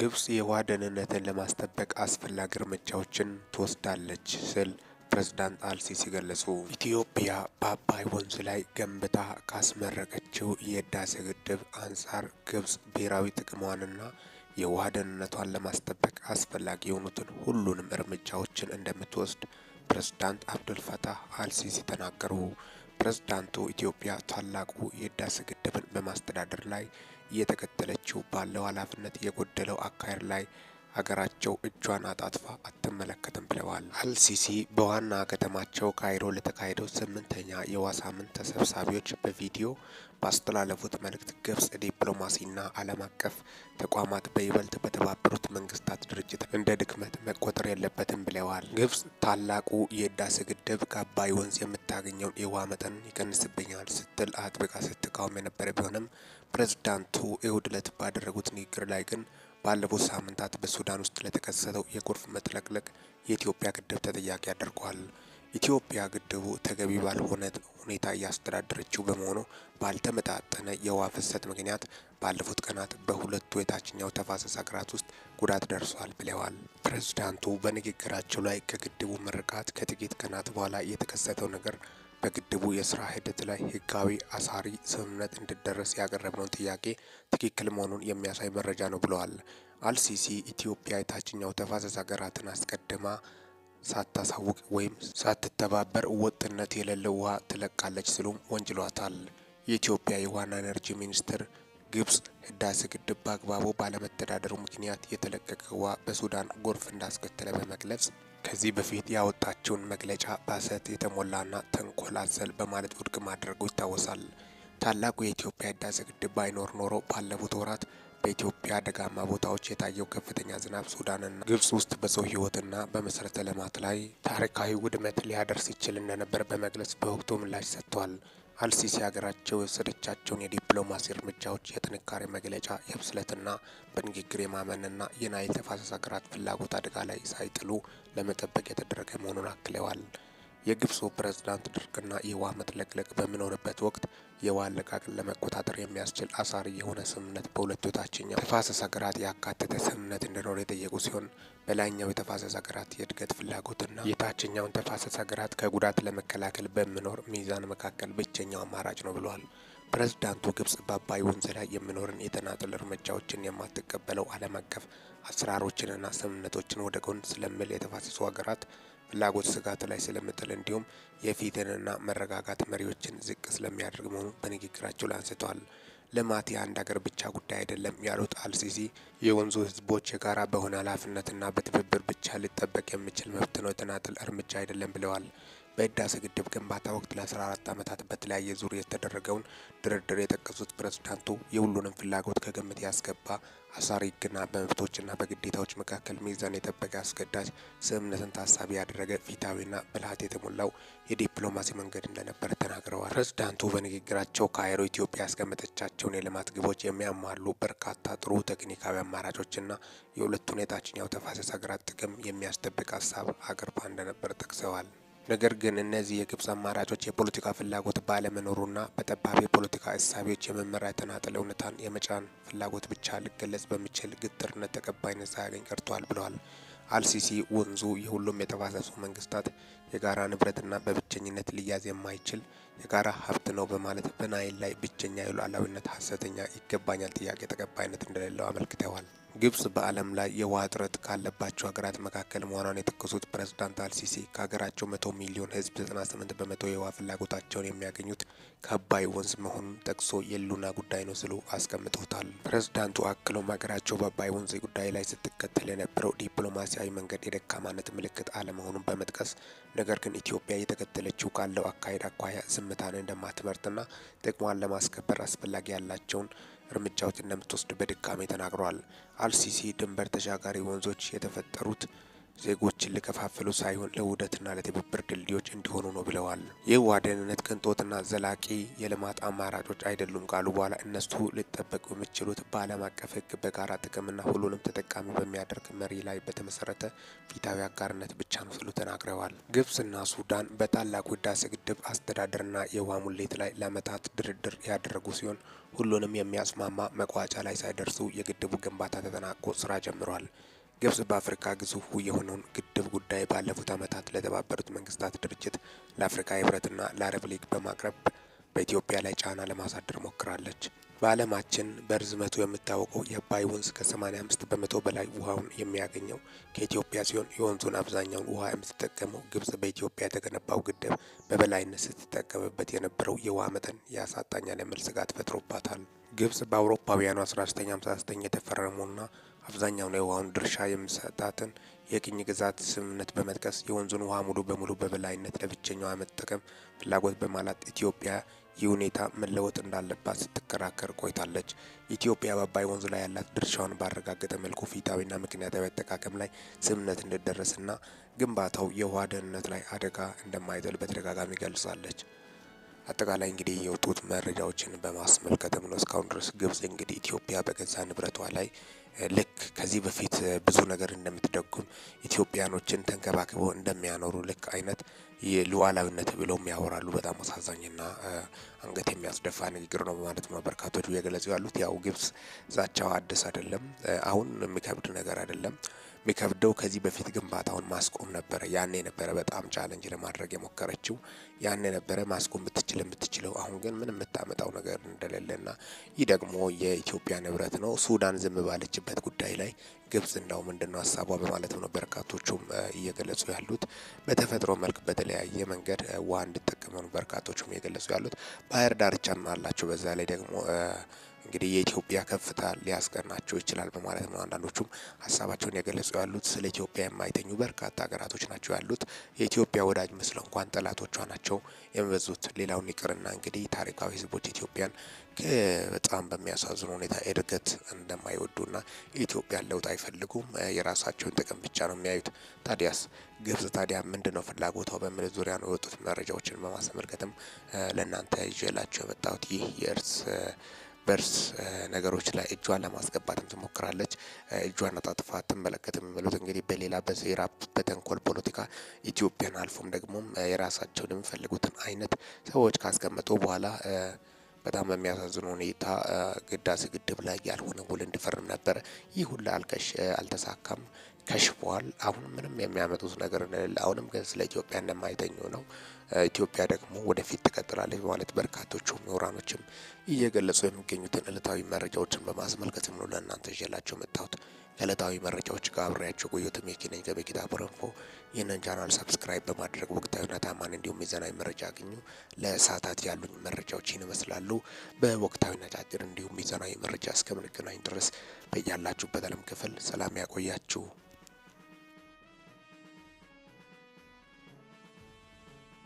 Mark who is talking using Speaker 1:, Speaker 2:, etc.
Speaker 1: ግብጽ የውሃ ደህንነትን ለማስጠበቅ አስፈላጊ እርምጃዎችን ትወስዳለች ስል ፕሬዝዳንት አልሲሲ ገለጹ። ኢትዮጵያ በአባይ ወንዝ ላይ ገንብታ ካስመረቀችው የህዳሴ ግድብ አንጻር ግብጽ ብሔራዊ ጥቅሟንና የውሃ ደህንነቷን ለማስጠበቅ አስፈላጊ የሆኑትን ሁሉንም እርምጃዎችን እንደምትወስድ ፕሬዝዳንት አብዱልፈታህ አልሲሲ ተናገሩ። ፕሬዝዳንቱ ኢትዮጵያ ታላቁ የህዳሴ ግድብን በማስተዳደር ላይ እየተከተለችው ባለው ኃላፊነት የጎደለው አካሄድ ላይ ሀገራቸው እጇን አጣጥፋ አትመለከትም ብለዋል። አልሲሲ በዋና ከተማቸው ካይሮ ለተካሄደው ስምንተኛ የዋሳምንት ሳምንት ተሰብሳቢዎች በቪዲዮ ባስተላለፉት መልእክት ግብጽ ዲፕሎማሲና ዓለም አቀፍ ተቋማት በይበልጥ በተባበሩ ግብጽ ታላቁ የህዳሴ ግድብ ከአባይ ወንዝ የምታገኘውን የውሃ መጠን ይቀንስብኛል ስትል አጥብቃ ስትቃወም የነበረ ቢሆንም ፕሬዝዳንቱ እሁድ ዕለት ባደረጉት ንግግር ላይ ግን ባለፉት ሳምንታት በሱዳን ውስጥ ለተከሰተው የጎርፍ መጥለቅለቅ የኢትዮጵያ ግድብ ተጠያቂ አድርጓል። ኢትዮጵያ ግድቡ ተገቢ ባልሆነ ሁኔታ እያስተዳደረችው በመሆኑ ባልተመጣጠነ የውሃ ፍሰት ምክንያት ባለፉት ቀናት በሁለቱ የታችኛው ተፋሰስ ሀገራት ውስጥ ጉዳት ደርሷል ብለዋል። ፕሬዝዳንቱ በንግግራቸው ላይ ከግድቡ ምርቃት ከጥቂት ቀናት በኋላ የተከሰተው ነገር በግድቡ የስራ ሂደት ላይ ህጋዊ አሳሪ ስምምነት እንዲደረስ ያቀረብነውን ጥያቄ ትክክል መሆኑን የሚያሳይ መረጃ ነው ብለዋል። አልሲሲ ኢትዮጵያ የታችኛው ተፋሰስ ሀገራትን አስቀድማ ሳታሳውቅ ወይም ሳትተባበር ወጥነት የሌለው ውሃ ትለቃለች ሲሉም ወንጅሏታል። የኢትዮጵያ የውሃና ኤነርጂ ሚኒስትር ግብጽ ህዳሴ ግድብ በአግባቡ ባለመተዳደሩ ምክንያት የተለቀቀ ውሃ በሱዳን ጎርፍ እንዳስከተለ በመግለጽ ከዚህ በፊት ያወጣችውን መግለጫ በሐሰት የተሞላና ተንኮል አዘል በማለት ውድቅ ማድረጉ ይታወሳል። ታላቁ የኢትዮጵያ ህዳሴ ግድብ ባይኖር ኖሮ ባለፉት ወራት በኢትዮጵያ ደጋማ ቦታዎች የታየው ከፍተኛ ዝናብ ሱዳንና ግብጽ ውስጥ በሰው ህይወትና በመሰረተ ልማት ላይ ታሪካዊ ውድመት ሊያደርስ ይችል እንደነበር በመግለጽ በወቅቱ ምላሽ ሰጥቷል። አልሲሲ ሀገራቸው የወሰደቻቸውን የዲፕሎማሲ እርምጃዎች የጥንካሬ መግለጫ የብስለትና በንግግር የማመንና የናይል ተፋሰስ ሀገራት ፍላጎት አደጋ ላይ ሳይጥሉ ለመጠበቅ የተደረገ መሆኑን አክለዋል። የግብፁ ፕሬዝዳንት ድርቅና የውሃ መጥለቅለቅ በሚኖርበት ወቅት የውሃ አለቃቅን ለመቆጣጠር የሚያስችል አሳሪ የሆነ ስምምነት በሁለቱ የታችኛው ተፋሰስ ሀገራት ያካተተ ስምምነት እንዲኖር የጠየቁ ሲሆን በላይኛው የተፋሰስ ሀገራት የእድገት ፍላጎትና የታችኛውን ተፋሰስ ሀገራት ከጉዳት ለመከላከል በሚኖር ሚዛን መካከል ብቸኛው አማራጭ ነው ብለዋል። ፕሬዝዳንቱ ግብጽ በአባይ ወንዝ ላይ የሚኖርን የተናጠል እርምጃዎችን የማትቀበለው ዓለም አቀፍ አሰራሮችንና ስምምነቶችን ወደ ጎን ስለሚል የተፋሰሱ ሀገራት ፍላጎት ስጋት ላይ ስለምጥል እንዲሁም የፊትንና መረጋጋት መሪዎችን ዝቅ ስለሚያደርግ መሆኑ በንግግራቸው ላይ አንስተዋል። ልማት የአንድ ሀገር ብቻ ጉዳይ አይደለም ያሉት አልሲሲ የወንዙ ህዝቦች የጋራ በሆነ ኃላፊነትና በትብብር ብቻ ሊጠበቅ የሚችል መብት ነው፣ የተናጥል እርምጃ አይደለም ብለዋል። በህዳሴ ግድብ ግንባታ ወቅት ለ14 ዓመታት በተለያየ ዙር የተደረገውን ድርድር የጠቀሱት ፕሬዝዳንቱ የሁሉንም ፍላጎት ከግምት ያስገባ አሳሪ ግና በመብቶችና በግዴታዎች መካከል ሚዛን የጠበቀ አስገዳጅ ስምምነትን ታሳቢ ያደረገ ፊታዊና ብልሃት የተሞላው የዲፕሎማሲ መንገድ እንደነበር ተናግረዋል። ፕሬዝዳንቱ በንግግራቸው ካይሮ ኢትዮጵያ ያስቀመጠቻቸውን የልማት ግቦች የሚያሟሉ በርካታ ጥሩ ቴክኒካዊ አማራጮችና የሁለቱን የታችኛው ተፋሰስ ሀገራት ጥቅም የሚያስጠብቅ ሀሳብ አቅርባ እንደነበር ጠቅሰዋል። ነገር ግን እነዚህ የግብጽ አማራጮች የፖለቲካ ፍላጎት ባለመኖሩና በጠባብ የፖለቲካ እሳቤዎች የመመሪያ የተናጠለ እውነታን የመጫን ፍላጎት ብቻ ሊገለጽ በሚችል ግትርነት ተቀባይነት ሳያገኝ ቀርቷል ብለዋል። አልሲሲ ወንዙ የሁሉም የተፋሰሱ መንግስታት የጋራ ንብረትና በብቸኝነት ሊያዝ የማይችል የጋራ ሀብት ነው በማለት በናይል ላይ ብቸኛ የሉዓላዊነት ሀሰተኛ ይገባኛል ጥያቄ ተቀባይነት እንደሌለው አመልክተዋል። ግብጽ በዓለም ላይ የውሃ እጥረት ካለባቸው ሀገራት መካከል መሆኗን የጠቀሱት ፕሬዝዳንት አልሲሲ ከሀገራቸው መቶ ሚሊዮን ህዝብ 98 በመቶ የውሃ ፍላጎታቸውን የሚያገኙት ከአባይ ወንዝ መሆኑን ጠቅሶ የሉና ጉዳይ ነው ስሉ አስቀምጠውታል። ፕሬዝዳንቱ አክሎም ሀገራቸው በአባይ ወንዝ ጉዳይ ላይ ስትከተል የነበረው ዲፕሎማሲያዊ መንገድ የደካማነት ምልክት አለመሆኑን በመጥቀስ ነገር ግን ኢትዮጵያ እየተከተለችው ካለው አካሄድ አኳያ ዝምታን እንደማትመርጥና ጥቅሟን ለማስከበር አስፈላጊ ያላቸውን እርምጃዎች እንደምትወስድ በድጋሚ ተናግረዋል። አልሲሲ ድንበር ተሻጋሪ ወንዞች የተፈጠሩት ዜጎችን ለከፋፈሉ ሳይሆን ለውህደትና ለትብብር ድልድዮች እንዲሆኑ ነው ብለዋል። የውሃ ደህንነት ቅንጦትና ዘላቂ የልማት አማራጮች አይደሉም ካሉ በኋላ እነሱ ሊጠበቁ የሚችሉት በዓለም አቀፍ ሕግ በጋራ ጥቅምና ሁሉንም ተጠቃሚ በሚያደርግ መሪ ላይ በተመሰረተ ፊታዊ አጋርነት ብቻ ነው ሲሉ ተናግረዋል። ግብጽና ሱዳን በታላቁ ህዳሴ ግድብ አስተዳደርና የውሃ ሙሌት ላይ ለመታት ድርድር ያደረጉ ሲሆን ሁሉንም የሚያስማማ መቋጫ ላይ ሳይደርሱ የግድቡ ግንባታ ተጠናቆ ስራ ጀምሯል። ግብጽ በአፍሪካ ግዙፉ የሆነውን ግድብ ጉዳይ ባለፉት ዓመታት ለተባበሩት መንግስታት ድርጅት ለአፍሪካ ህብረትና ለአረብ ሊግ በማቅረብ በኢትዮጵያ ላይ ጫና ለማሳደር ሞክራለች። በዓለማችን በርዝመቱ የምታወቀው የአባይ ወንዝ ከ85 በመቶ በላይ ውሃውን የሚያገኘው ከኢትዮጵያ ሲሆን የወንዙን አብዛኛውን ውሃ የምትጠቀመው ግብጽ በኢትዮጵያ የተገነባው ግድብ በበላይነት ስትጠቀምበት የነበረው የውሃ መጠን ያሳጣኛል የሚል ስጋት ፈጥሮባታል። ግብጽ በአውሮፓውያኑ 1959 የተፈረሙና አብዛኛውን የውሃውን ድርሻ የምሰጣትን የቅኝ ግዛት ስምምነት በመጥቀስ የወንዙን ውሃ ሙሉ በሙሉ በበላይነት ለብቸኛዋ መጠቀም ፍላጎት በማላት ኢትዮጵያ ይህ ሁኔታ መለወጥ እንዳለባት ስትከራከር ቆይታለች። ኢትዮጵያ በአባይ ወንዝ ላይ ያላት ድርሻውን ባረጋገጠ መልኩ ፊታዊና ምክንያታዊ አጠቃቀም ላይ ስምምነት እንዲደረስና ግንባታው የውሃ ደህንነት ላይ አደጋ እንደማይጥል በተደጋጋሚ ገልጻለች። አጠቃላይ እንግዲህ የወጡት መረጃዎችን በማስመልከትም ነው። እስካሁን ድረስ ግብጽ እንግዲህ ኢትዮጵያ በገዛ ንብረቷ ላይ ልክ ከዚህ በፊት ብዙ ነገር እንደምትደጉም ኢትዮጵያኖችን ተንከባክበው እንደሚያኖሩ ልክ አይነት የሉዓላዊነት ብለውም ያወራሉ። በጣም አሳዛኝና አንገት የሚያስደፋ ንግግር ነው በማለት ነው በርካቶቹ እየገለጹ ያሉት። ያው ግብጽ ዛቻው አዲስ አይደለም፣ አሁን የሚከብድ ነገር አይደለም። የሚከብደው ከዚህ በፊት ግንባታውን ማስቆም ነበረ። ያኔ ነበረ በጣም ቻለንጅ ለማድረግ የሞከረችው ያኔ ነበረ ማስቆም ብትችል የምትችለው። አሁን ግን ምንም የምታመጣው ነገር እንደሌለና ይህ ደግሞ የኢትዮጵያ ንብረት ነው ሱዳን ዝም ባለችበት ጉዳይ ላይ ግብጽ እንዳው ምንድነው ሀሳቧ በማለት ነው በርካቶቹም እየገለጹ ያሉት። በተፈጥሮ መልክ በተለያየ መንገድ ውሃ ነው በርካቶቹም እየገለጹ ያሉት ባህር ዳርቻ አላቸው። በዛ ላይ ደግሞ እንግዲህ የኢትዮጵያ ከፍታ ሊያስቀናቸው ይችላል በማለት ነው አንዳንዶቹም ሀሳባቸውን የገለጹ ያሉት። ስለ ኢትዮጵያ የማይተኙ በርካታ ሀገራቶች ናቸው ያሉት። የኢትዮጵያ ወዳጅ መስለው እንኳን ጠላቶቿ ናቸው የሚበዙት። ሌላውን ይቅርና እንግዲህ ታሪካዊ ህዝቦች ኢትዮጵያን በጣም በሚያሳዝኑ ሁኔታ እድገት እንደማይወዱና ኢትዮጵያን ለውጥ አይፈልጉም። የራሳቸውን ጥቅም ብቻ ነው የሚያዩት። ታዲያስ ግብጽ ታዲያ ምንድን ነው ፍላጎቷ በሚል ዙሪያ ነው የወጡት መረጃዎችን በማስመልከትም ለእናንተ ይዤላቸው የመጣሁት ይህ የእርስ በርስ ነገሮች ላይ እጇን ለማስገባትም ትሞክራለች። እጇን አጣጥፋ ትመለከትም የሚሉት እንግዲህ በሌላ በሴራ በተንኮል ፖለቲካ ኢትዮጵያን አልፎም ደግሞ የራሳቸውን የሚፈልጉትን አይነት ሰዎች ካስቀመጡ በኋላ በጣም በሚያሳዝን ሁኔታ ግዳሴ ግድብ ላይ ያልሆነ ውል እንድፈርም ነበር። ይህ ሁላ አልቀሽ አልተሳካም። ከሽፏል። አሁን ምንም የሚያመጡት ነገር እንደሌለ አሁንም ግን ስለ ኢትዮጵያ እንደማይተኙ ነው። ኢትዮጵያ ደግሞ ወደፊት ትቀጥላለች በማለት በርካቶቹ ምሁራኖችም እየገለጹ የሚገኙትን እለታዊ መረጃዎችን በማስመልከት ምኑ ለእናንተ ይዤላቸው መጣሁት። ከእለታዊ መረጃዎች ጋር አብሬያቸው ቆየሁት። የኪነኝ ገበጌታ ቦረንፎ። ይህንን ቻናል ሰብስክራይብ በማድረግ ወቅታዊና ታማኝ እንዲሁም የዘናዊ መረጃ አግኙ። ለሰዓታት ያሉኝ መረጃዎች ይመስላሉ። በወቅታዊና አጫጭር እንዲሁም የዘናዊ መረጃ እስከምንገናኝ ድረስ በያላችሁበት አለም ክፍል ሰላም ያቆያችሁ።